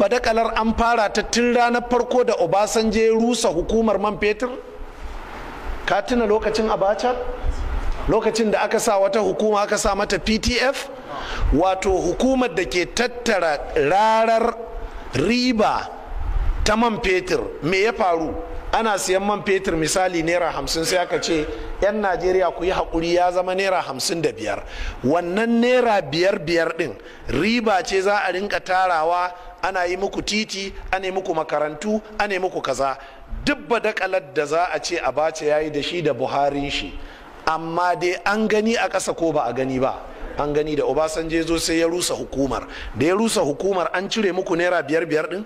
badakalar an fara ta tun ranar farko da obasanje rusa hukumar man fetur ka tuna lokacin abacha lokacin da aka sa wata hukuma aka sa mata ptf wato hukumar da ke tattara rarar riba ta man fetur me ya faru ana siyan man fetur misali naira hamsin sai aka ce 'yan najeriya ku yi haƙuri ya zama naira hamsin da biyar wannan naira biyar biyar ɗin riba ce za a rinka tarawa ana yi muku titi ana yi muku makarantu ana yi muku kaza duk badakalar da za a ce abace ya yi da shi da buharin shi amma dai an gani a ƙasa ko ba a gani ba an gani da obasanjo zo sai ya rusa hukumar da ya rusa hukumar an cire muku naira biyar biyar din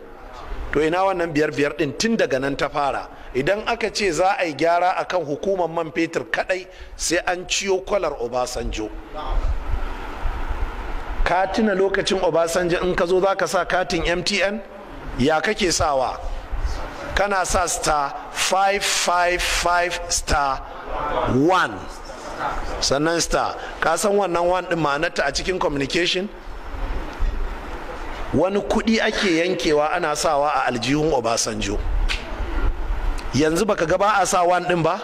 to ina wannan biyar biyar din tun daga nan ta fara idan aka ce za a yi gyara akan hukumar man fetur kadai sai an ciyo kwalar obasanjo ka tuna lokacin obasanjo in ka zo za ka sa katin mtn ya kake sawa kana sa star 555 star 1 sannan star ka san wannan wan din ma'anarta a cikin communication wani kudi ake yankewa ana sawa a aljihun obasanjo yanzu baka ga ba a sa wan din ba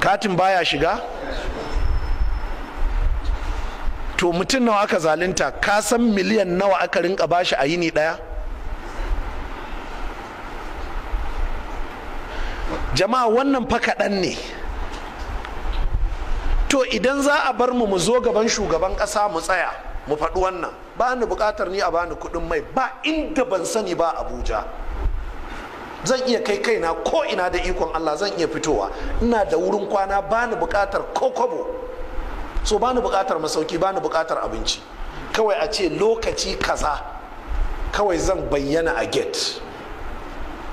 katin baya shiga to mutum nawa aka zalunta ka san miliyan nawa aka rinka bashi a yini ɗaya? jama'a wannan fakaɗan ne to idan za a bar mu mu zo gaban shugaban ƙasa mu tsaya mu faɗi wannan ba ni buƙatar ni a bani kuɗin mai ba inda ban sani ba abuja zan iya kai kaina ko ina da ikon allah zan iya fitowa ina da wurin kwana ba ni buƙatar ko kobo. so ba ni buƙatar masauki ba ni buƙatar abinci kawai a ce lokaci kaza kawai zan bayyana a gate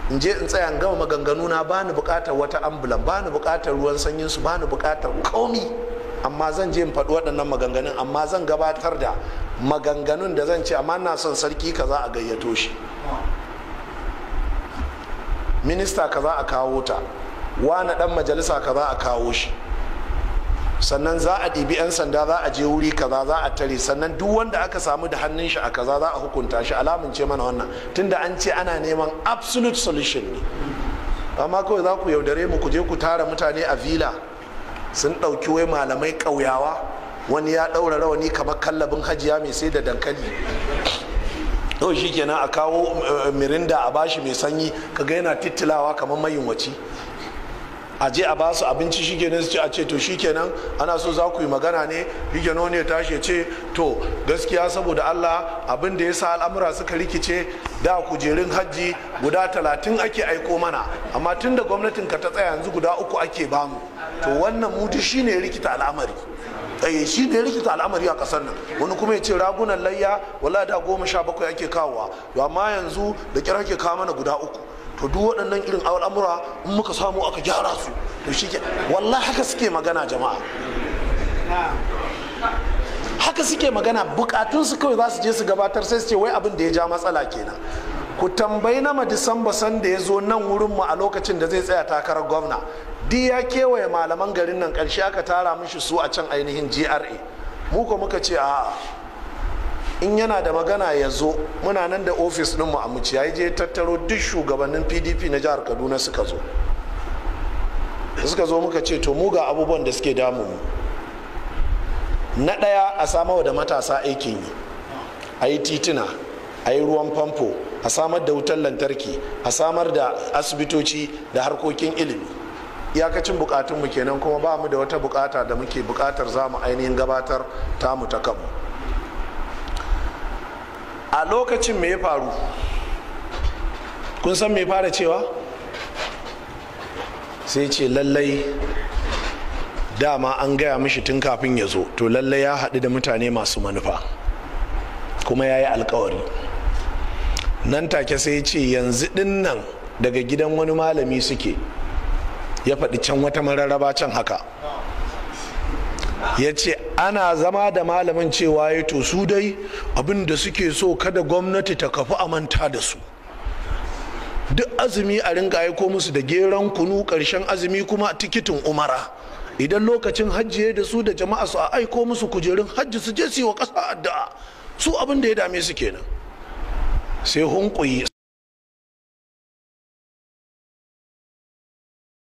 in je in tsaya gama maganganu na ba ni buƙatar wata ambulan ba ni buƙatar ruwan sanyin su ba ni buƙatar komi amma zan je in faɗi waɗannan maganganun amma zan gabatar da maganganun da zan ce amma na son sarki kaza a gayyato shi minista kaza a kawo ta wani ɗan majalisa kaza a kawo shi sannan za a ɗibi 'yan sanda za a je wuri kaza za a tare sannan duk wanda aka samu da hannun shi a kaza za a hukunta shi alamun ce mana wannan tunda an ce ana neman absolute solution ne amma kawai za ku yaudare mu ku je ku tara mutane a vila sun ɗauki wai malamai ƙauyawa wani ya ɗaura rawani kamar kallabin hajiya mai sai da dankali yau shi kenan a kawo eh, mirinda a bashi mai sanyi ka kaga yana tittilawa kamar mayunwaci a je a ba su abinci shikenan su ce a ce to shikenan ana so za ku yi magana ne shikenan ne ya ce to gaskiya saboda Allah abin da ya sa al'amura suka rikice da kujerun hajji guda talatin ake aiko mana amma tun da gwamnatin ka ta tsaya yanzu guda uku ake bamu to wannan mutu shine rikita al'amari eh shi ne rikita al'amari a kasar nan wani kuma ya ce ragunan layya wala da goma sha bakwai ake kawowa to amma yanzu da kira ke kawo mana guda uku to duk waɗannan irin al'amura in muka samu aka gyara su to shi ke wallah haka suke magana jama'a haka suke magana bukatun su kawai za su je su gabatar sai su ce wai abin da ya ja matsala kenan ku tambayi na disamba san da ya zo nan wurin mu a lokacin da zai tsaya takarar gwamna di ya kewaye malaman garin nan karshe aka tara mishi su a can ainihin gra Muka muka ce a'a in yana da magana ya zo muna nan da ofis ɗinmu a muci ya je tattaro duk shugabannin pdp na jihar kaduna suka zo suka zo muka ce to mu ga abubuwan da suke damu mu na ɗaya a samawa da matasa aikin yi a yi tituna a yi ruwan famfo a samar da wutar lantarki a samar da asibitoci da harkokin ilimi iyakacin bukatunmu kenan kuma ba mu da wata bukata da muke bukatar za mu ainihin gabatar tamu ta kanmu a lokacin me ya faru kun san me fara cewa sai ce lallai dama an gaya mishi tun kafin ya zo to lallai ya haɗu da mutane masu manufa kuma ya yi alkawari nan take sai ce yanzu ɗin nan daga gidan wani malami suke ya faɗi can wata mararraba can haka ya ce ana zama da malamin cewa ya to su dai abinda suke so kada gwamnati ta kafi manta da su duk azumi a ringa aiko musu da geran kunu karshen azumi kuma tikitin umara idan lokacin hajji ya da su da jama'a su a aiko musu kujerun hajji su je su yi wa ƙasa addu'a su abin da ya dame su kenan sai hunkuyi